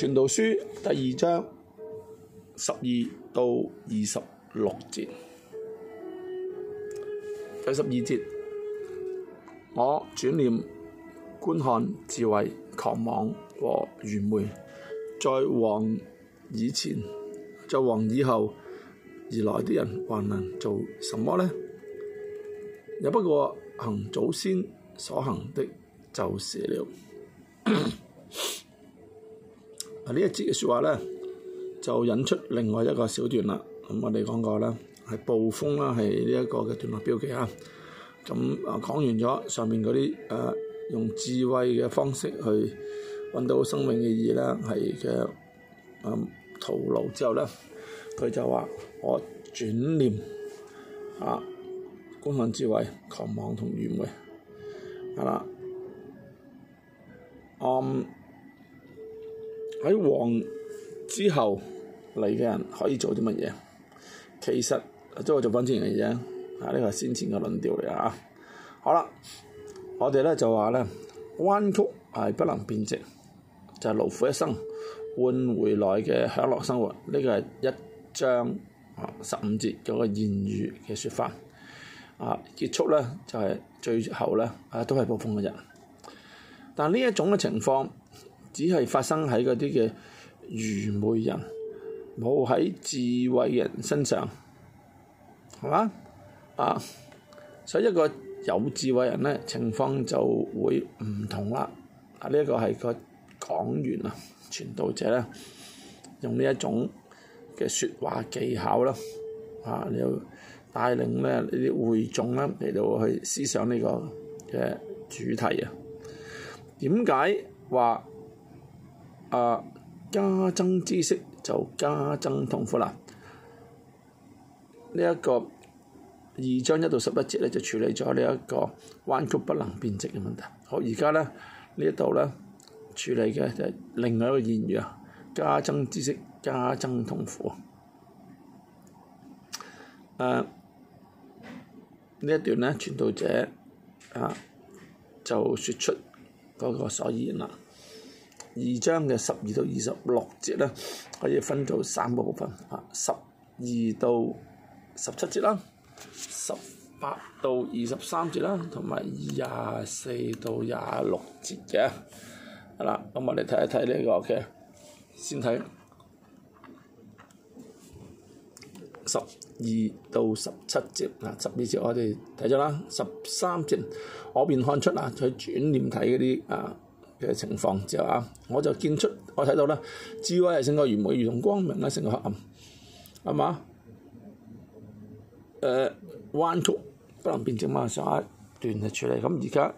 傳道書第二章十二到二十六節。第十二節，我轉念觀看智慧、狂妄和愚昧，在王以前、在王以後而來的人，還能做什麼呢？也不過行祖先所行的就是了。 呢一節嘅説話咧，就引出另外一個小段啦。咁我哋講過啦，係暴風啦，係呢一個嘅段落標記啊。咁啊講完咗上面嗰啲啊，用智慧嘅方式去揾到生命嘅意義啦，係嘅啊，徒勞之後咧，佢就話我轉念啊，觀看智慧、狂妄同愚昧，係啦，我。喺王之後嚟嘅人可以做啲乜嘢？其實即係做翻之前嘅嘢啊！呢個係先前嘅論調嚟啊！好啦，我哋咧就話咧彎曲係不能變直，就係、是、勞苦一生換回來嘅享樂生活。呢個係一章十五節嗰個言語嘅説法啊！結束咧就係、是、最後咧啊，都係捕風嘅人。但呢一種嘅情況。只係發生喺嗰啲嘅愚昧人，冇喺智慧人身上，係嘛啊？所以一個有智慧人咧，情況就會唔同啦。啊，呢一個係個講員啊，傳道者咧，用呢一種嘅説話技巧啦，啊，你要帶領咧呢啲會眾咧嚟到去思想呢個嘅主題啊。點解話？啊，加增知識就加增痛苦啦。呢、這、一個二章一到十一節咧就處理咗呢一個彎曲不能變直嘅問題。好，而家咧呢一度咧處理嘅就係另外一個言語啊，加增知識加增痛苦啊。誒，呢一段咧傳道者啊就説出嗰個所言啦。二章嘅十二到二十六節咧，可以分做三個部分嚇。十二到十七節啦，十八到二十三節啦，同埋廿四到廿六節嘅。嗱，咁我哋睇一睇呢個嘅，OK? 先睇十二到十七節嗱，十二節我哋睇咗啦，十三節我便看出啊，佢轉念睇嗰啲啊。嘅情況之後啊，我就見出我睇到啦，智慧係勝過愚昧，如同光明啦，勝過黑暗，啱嘛？誒彎曲不能變直嘛，上一段嘅處理。咁而家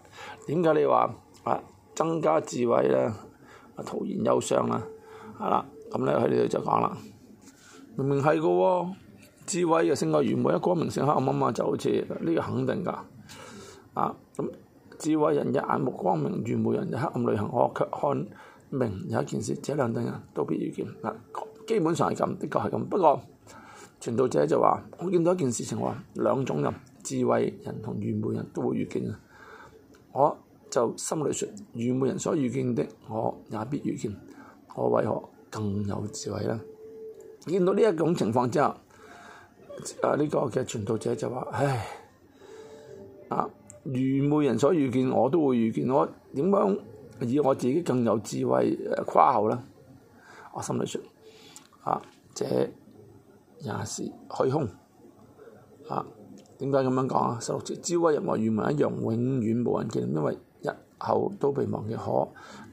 點解你話啊增加智慧咧，啊徒然憂傷啦，係、啊、啦，咁咧喺呢度就講啦，明明係個喎，智慧又勝過愚昧，一光明勝黑暗啊嘛，就好似呢個肯定㗎，啊咁。智慧人嘅眼目光明，愚昧人嘅黑暗裡行，我卻看明有一件事，這兩等人，都必遇見。基本上係咁，的確係咁。不過傳道者就話，我見到一件事情喎，兩種人，智慧人同愚昧人都會遇見啊。我就心裏説，愚昧人所遇見的，我也必遇見。我為何更有智慧呢？見到呢一種情況之後，呢個嘅傳道者就話，唉，啊愚昧人所遇見，我都會遇見。我點講？以我自己更有智慧誒誇後呢，我心裏想：啊，這也是虛空啊！點解咁樣講啊？十六節，智慧入我愚昧一樣，永遠冇人見，因為日後都被忘記可。可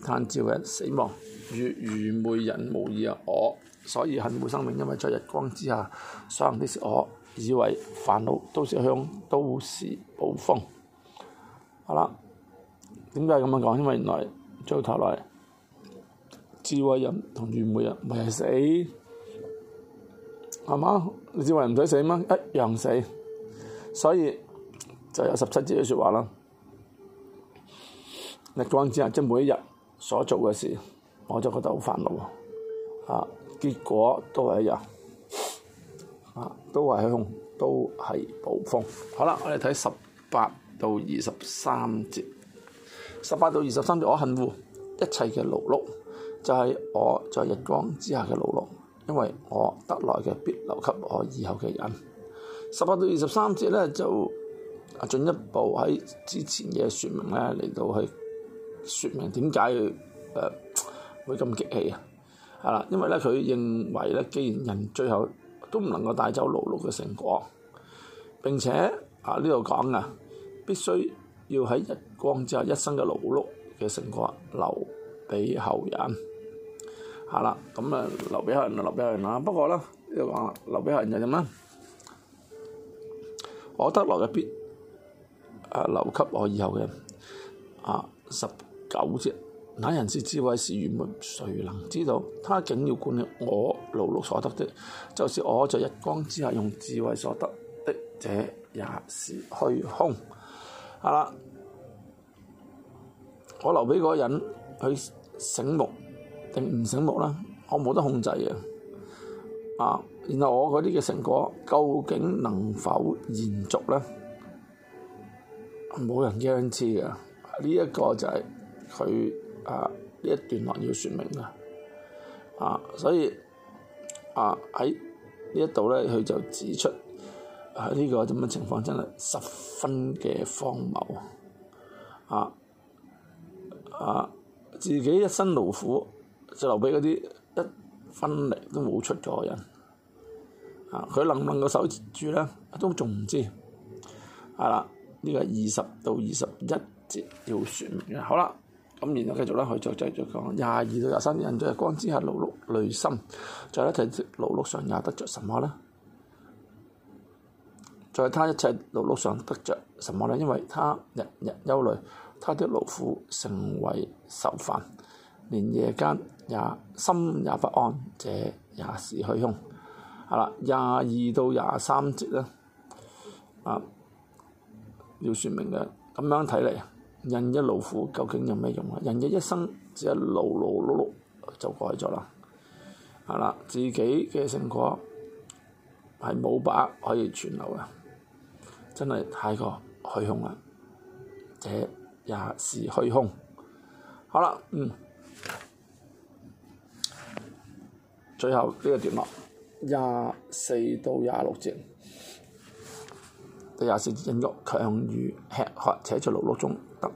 但照日死亡，與愚，愚昧人無異啊我！我所以恨冇生命，因為在日光之下，所行的是我以為煩惱，都是向都是暴風。好啦，點解咁樣講？因為原來最後頭來，智慧人同愚昧人唔係死，係嘛？智慧人唔使死咩？一樣死，所以就有十七節嘅説話啦。日光之下，即每一日所做嘅事，我就覺得好煩惱啊！結果都係一樣啊，都係空，都係暴風。好啦，我哋睇十八。到二十三節，十八到二十三節，我恨惡一切嘅勞碌，就係、是、我在日光之下嘅勞碌，因為我得來嘅必留給我以後嘅人。十八到二十三節咧就啊進一步喺之前嘅説明咧嚟到去説明點解佢會咁激氣啊，係啦，因為咧佢認為咧，既然人最後都唔能夠帶走勞碌嘅成果，並且啊呢度講啊。必須要喺日光之下一生嘅勞碌嘅成果留俾後人，嚇啦，咁啊留俾後人，啊留俾後人啦。不過呢，又講啦，留俾後人就咁啦。我得來嘅必啊留給我以後嘅啊十九節。那人是智慧是愚昧，誰能知道？他竟要管理我勞碌所得的，就是我在日光之下用智慧所得的，這也是虛空。係啦，我留畀嗰個人佢醒目定唔醒目啦，我冇得控制嘅。啊，然後我嗰啲嘅成果究竟能否延續咧？冇人知嘅，呢一個就係佢啊呢一段落要説明啦。啊，所以啊喺呢一度咧，佢就指出。呢、這個咁嘅情況，真係十分嘅荒謬啊！啊，自己一身勞苦，就留俾嗰啲一分力都冇出過人啊！佢能唔能夠守住咧，都仲唔知係啦。呢、啊這個二十到二十一節要説明嘅，好啦，咁然後繼續啦，佢就再繼續講廿二到廿三人，即係光之下，勞碌累心，再一睇勞碌上也得着什麼啦。在他一切勞碌上得着，什麼呢？因為他日日憂慮，他的勞苦成為愁煩，連夜間也心也不安，這也是虛空。係啦，廿二到廿三節呢，啊，要說明嘅，咁樣睇嚟，人一勞苦究竟有咩用啊？人嘅一生只係勞勞碌碌就過咗啦。係啦，自己嘅成果係冇把握可以傳留嘅。真係太過虛空啦，這也是虛空。好啦，嗯，最後呢個段落，廿四到廿六節，第廿四節引述強如吃喝，且在勞碌中得，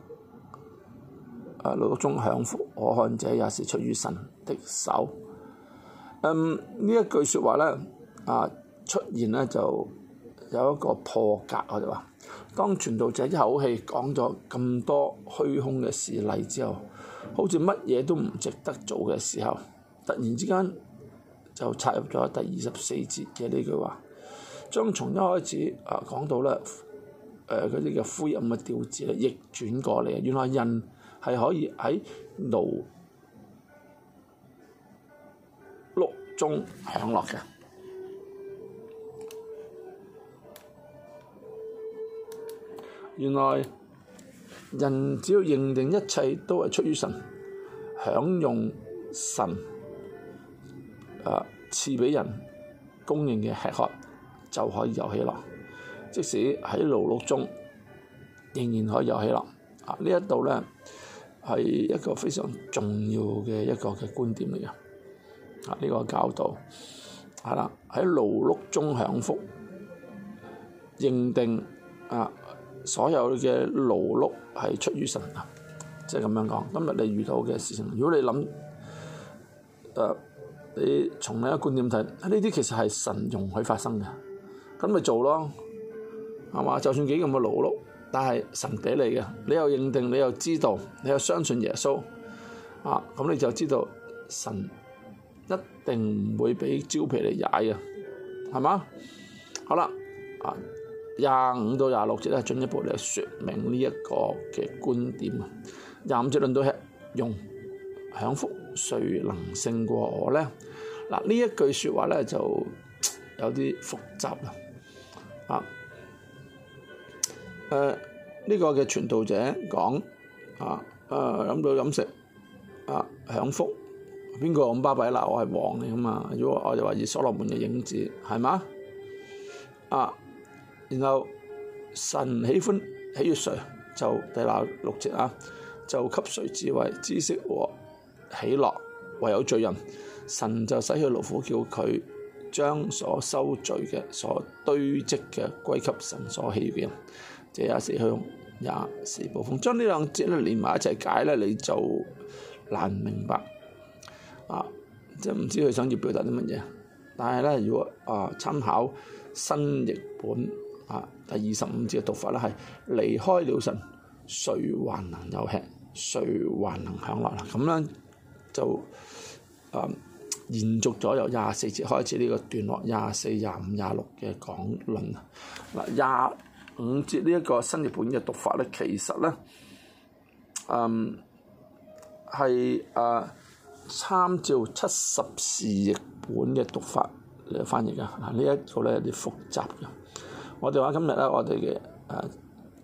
啊勞碌中享福，我看這也是出於神的手。嗯，呢一句説話呢，啊出現呢就。有一個破格，我哋話，當傳道者一口氣講咗咁多虛空嘅事例之後，好似乜嘢都唔值得做嘅時候，突然之間就插入咗第二十四節嘅呢句話，將從一開始啊、呃、講到咧誒嗰啲嘅灰暗嘅調子咧，逆轉過嚟。原來人係可以喺勞碌中享樂嘅。原來人只要認定一切都係出於神，享用神啊賜俾人供應嘅吃喝就可以有喜樂，即使喺勞碌中仍然可以有喜樂。啊，呢一度呢，係一個非常重要嘅一個嘅觀點嚟嘅，啊呢、這個教導係啦，喺勞碌中享福，認定啊～所有嘅勞碌係出於神啊，即係咁樣講。今日你遇到嘅事情，如果你諗、呃，你從另一觀點睇，呢啲其實係神容許發生嘅，咁咪做咯，係嘛？就算幾咁嘅勞碌，但係神俾你嘅，你又認定，你又知道，你又相信耶穌，啊，咁你就知道神一定唔會俾蕉皮你踩嘅，係嘛？好啦，啊。廿五到廿六節咧，進一步嚟説明呢一個嘅觀點。廿五節論到吃用享福，誰能勝過我咧？嗱，呢一句説話咧就有啲複雜啦。啊，誒、呃、呢、這個嘅傳道者講啊，誒、啊、諗到飲食啊享福，邊個咁巴閉啦？我係王嚟噶嘛？如果我就話以所羅門嘅影子，係嘛？然後神喜歡喜悅誰，就第六六節啊，就給誰智慧知識和喜樂。唯有罪人，神就使佢勞苦，叫佢將所收罪嘅所堆積嘅歸給神所喜悅嘅人。這也是虛空，也是暴風。將呢兩節咧連埋一齊解咧，你就難明白啊！即係唔知佢想要表達啲乜嘢。但係咧，如果啊參考新譯本，啊！第二十五節嘅讀法咧，係離開了神，誰還能有吃？誰還能享樂啦？咁咧就啊，延續咗由廿四節開始呢個段落，廿四、廿五、廿六嘅講論。嗱、啊，廿五節呢一個新譯本嘅讀法咧，其實咧，嗯，係啊，參照七十士譯本嘅讀法嚟翻譯嘅。啊，這個、呢一個咧有啲複雜嘅。我哋話今日咧，我哋嘅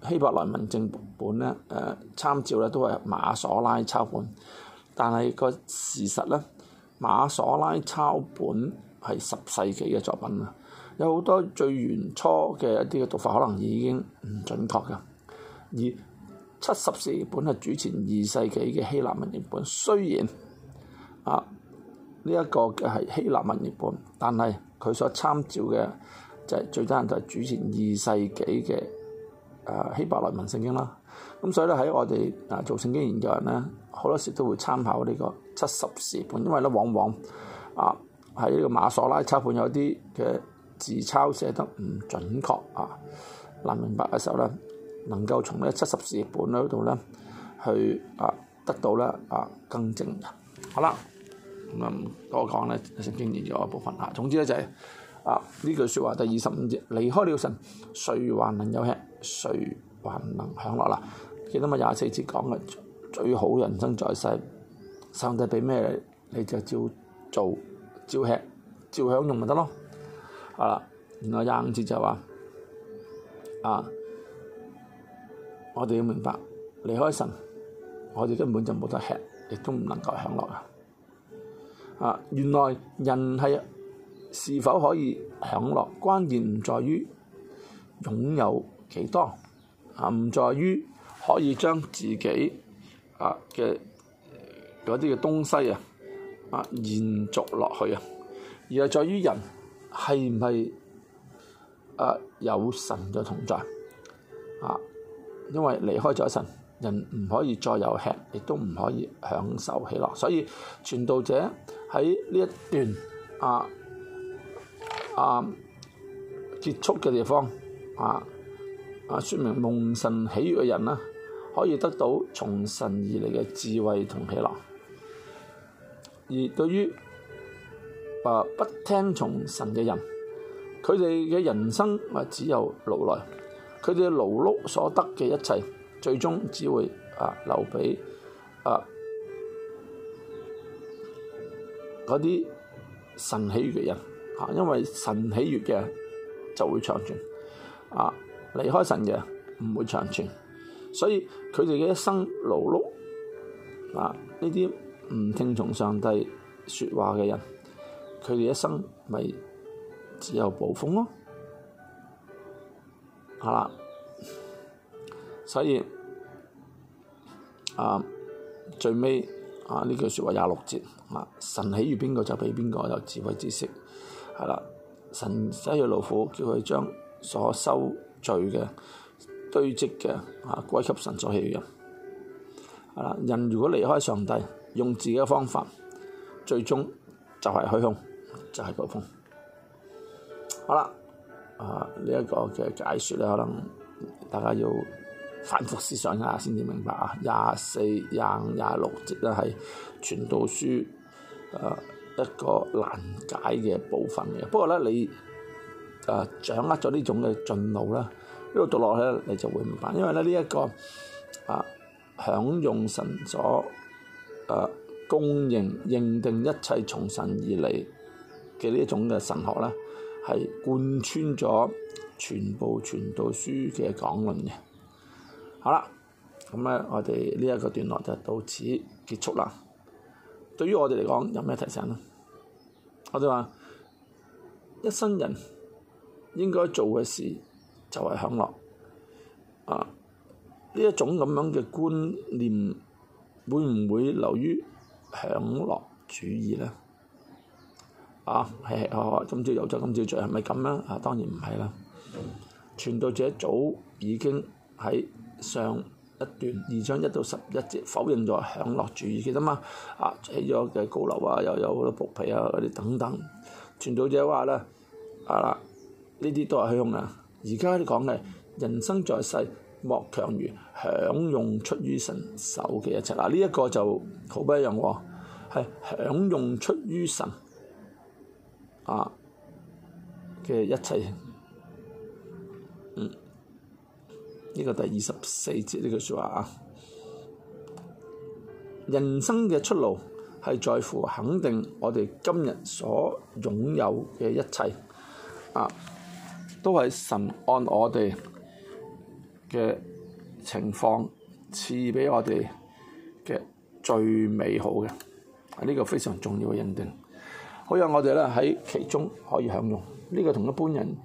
誒希伯來文正本咧，誒參照咧都係馬所拉抄本，但係個事實咧，馬所拉抄本係十世紀嘅作品啊，有好多最原初嘅一啲嘅讀法可能已經唔準確㗎。而七十士本係主前二世紀嘅希臘文譯本，雖然啊呢一個嘅係希臘文譯本，但係佢所參照嘅。就係最多人就係主前二世紀嘅誒希伯來文聖經啦，咁所以咧喺我哋啊做聖經研究人咧，好多時都會參考呢個七十士本，因為咧往往啊喺呢個馬索拉抄本有啲嘅字抄寫得唔準確啊，難明白嘅時候咧，能夠從呢七十士本嗰度咧去啊得到咧啊更正。好啦，咁多講咧聖經研究一部分嚇。總之咧就係、是。啊！呢句説話第二十五節離開了神，誰還能有吃？誰還能享樂嗱？記得咪廿四節講嘅最好人生在世，上帝畀咩你，你就照做，照吃，照享用咪得咯？啊！然後廿五節就話啊，我哋要明白離開神，我哋根本就冇得吃，亦都唔能夠享樂嘅。啊！原來人係～是否可以享樂？關鍵唔在於擁有幾多，啊唔在於可以將自己啊嘅嗰啲嘅東西啊啊延續落去啊，而係在於人係唔係啊有神嘅同在啊，因為離開咗神，人唔可以再有吃，亦都唔可以享受喜樂。所以傳道者喺呢一段啊～啊！結束嘅地方，啊啊！説明蒙神喜悅嘅人啦、啊，可以得到從神而嚟嘅智慧同喜樂，而對於啊不聽從神嘅人，佢哋嘅人生啊只有勞累，佢哋勞碌所得嘅一切，最終只會啊留畀啊啲神喜悅嘅人。因為神喜悅嘅就會長存，啊離開神嘅唔會長存，所以佢哋嘅一生勞碌啊，呢啲唔聽從上帝説話嘅人，佢哋一生咪只有暴風咯，係啦，啊，所以啊最尾啊呢句説話廿六節啊，神喜悅邊個就俾邊個有智慧知識。係啦，神西去勞苦，叫佢將所收聚嘅堆積嘅啊歸給神所喜人。係啦，人如果離開上帝，用自己嘅方法，最終就係虛空，就係捕風。好啦，啊、這個、呢一個嘅解説咧，可能大家要反覆思想一下先至明白啊。廿四、廿五、廿六即係傳道書啊。一個難解嘅部分嘅，不過咧你啊掌握咗呢種嘅進路啦，呢度讀落去咧你就會明白，因為咧呢一個啊享用神所啊公認認定一切從神而嚟嘅呢種嘅神學咧，係貫穿咗全部傳道書嘅講論嘅。好啦，咁咧我哋呢一個段落就到此結束啦。對於我哋嚟講，有咩提醒咧？我哋話，一生人應該做嘅事就係享樂，呢、啊、一種咁樣嘅觀念，會唔會流於享樂主義呢？啊，吃吃喝喝，今朝有酒，今朝醉，係咪咁啊？當然唔係啦。傳道者早已經喺上。一段二章一到十一節否認咗享樂主義，記得嘛？啊，起咗嘅高樓啊，又有好多僕婢啊嗰啲等等，傳道者話啦，啊，呢啲都係享啊！而家啲講嘅人生在世，莫強如享用出於神手嘅一切。嗱，啊，呢一個就好不一樣喎，係享用出於神啊嘅一切。呢個第二十四節呢句說話啊，人生嘅出路係在乎肯定我哋今日所擁有嘅一切啊，都係神按我哋嘅情況賜俾我哋嘅最美好嘅，啊，呢個非常重要嘅認定，好讓我哋咧喺其中可以享用。呢個同一般人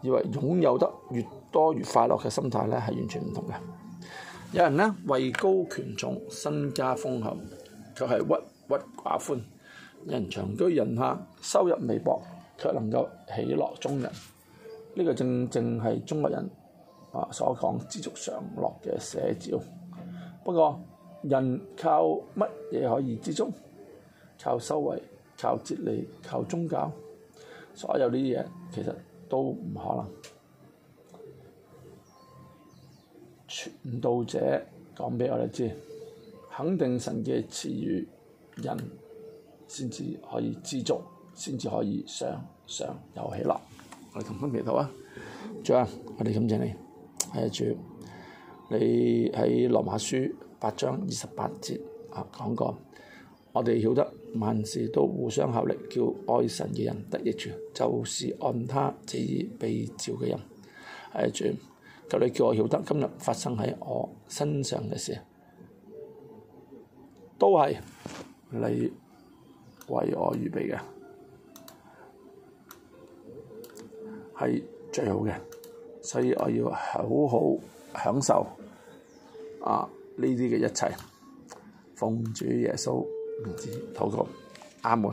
以為擁有得越多餘快樂嘅心態咧，係完全唔同嘅。有人咧位高權重、身家豐厚，卻係鬱鬱寡歡；有人長居人下、收入微薄，卻能夠喜樂中人。呢、這個正正係中國人啊所講知足常樂嘅寫照。不過，人靠乜嘢可以知足？靠修為、靠哲理、靠宗教，所有呢啲嘢其實都唔可能。傳道者講俾我哋知，肯定神嘅詞語，人先至可以知足，先至可以上上游起落。我哋同心祈禱啊！主啊，我哋感謝你。誒主，你喺羅馬書八章二十八節啊講過，我哋曉得萬事都互相效力，叫愛神嘅人得益處，就是按他旨意被召嘅人。誒主。咁你叫我曉得今日發生喺我身上嘅事，都係你為我預備嘅，係最好嘅，所以我要好好享受啊呢啲嘅一切，奉主耶穌名字禱告，阿門。